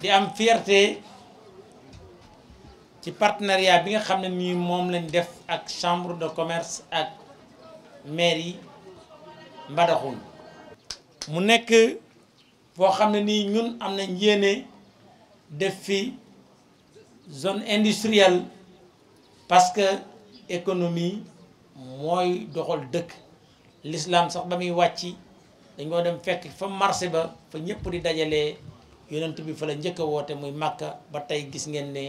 di am fierté ci partenariat bi nga xamné ni mom lañ def ak chambre de commerce ak mairie yi mu nekk bo xamné ni ñun am nañ yéene def fi zone industrielle parce que économie moy doxal dëkk l'islam sax ba muy wàcci dañ koo dem fekk fa marché ba fa ñëpp di dajalé yonent bi fa la njëkk a woote muy màkka ba tey gis ngeen ne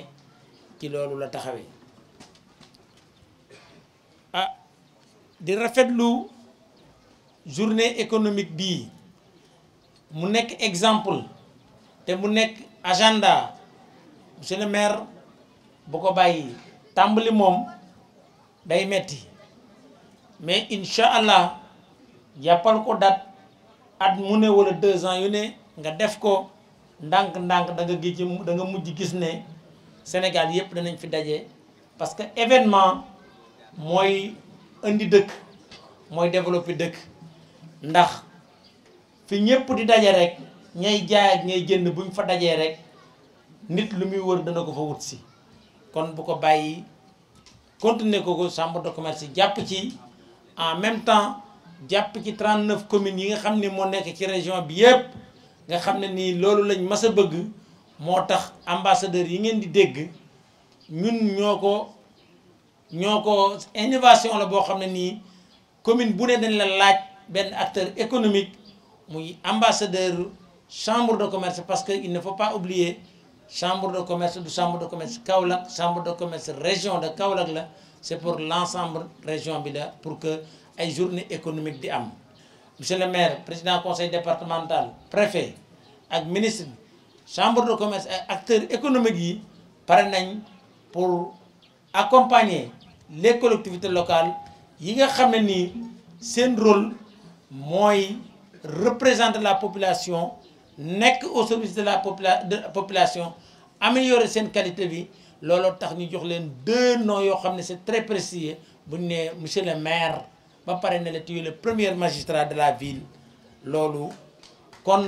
ci loolu la taxawee ah di rafetlu journée économique bii mu nekk exemple te mu nekk agenda monsieur le maire bu ko bàyyi tàmbali moom day metti mais incha allah jàppal ko dat at mu ne wala deux ans yu ne nga def ko ndank ndank da nga gis da nga mujj gis ne Sénégal yëpp danañ fi dajé parce que événement moy indi dëkk moy développer dëkk ndax fi ñëpp di dajé rek ñay jaay ak ñay jënd buñ fa dajé rek nit lu muy wër dana ko fa wut ci kon bu ko bayyi continuer ko ko chambre de commerce japp ci en même temps japp ci 39 communes yi nga xamni mo moo nekk ci région bi yëpp nga xamné ni lolu bëgg ambassadeur yi ngeen di innovation la commune bu dañ la acteur économique muy ambassadeur chambre de commerce parce qu'il ne faut pas oublier chambre de commerce du chambre de commerce Kaolack chambre de commerce région de Kaolack c'est pour l'ensemble région bi la pour que ay journée économique di am monsieur le maire président du conseil départemental préfet ak ministre chambre de commerce et acteurs économiques yi pour accompagner les collectivités locales Il y a un rôle moi, représenter la population au service de la population améliorer sa qualité de vie. tax ñu deux noms c'est très précis monsieur le maire ba paré né la le premier magistrat de la ville lolu kon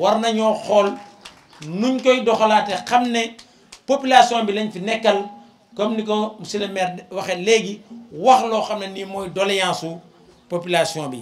war nañoo xool nuñ koy doxalaté xamné population bi lañ fi nekkal comme niko monsieur le maire waxé légui wax lo xamné ni moy doléance population bi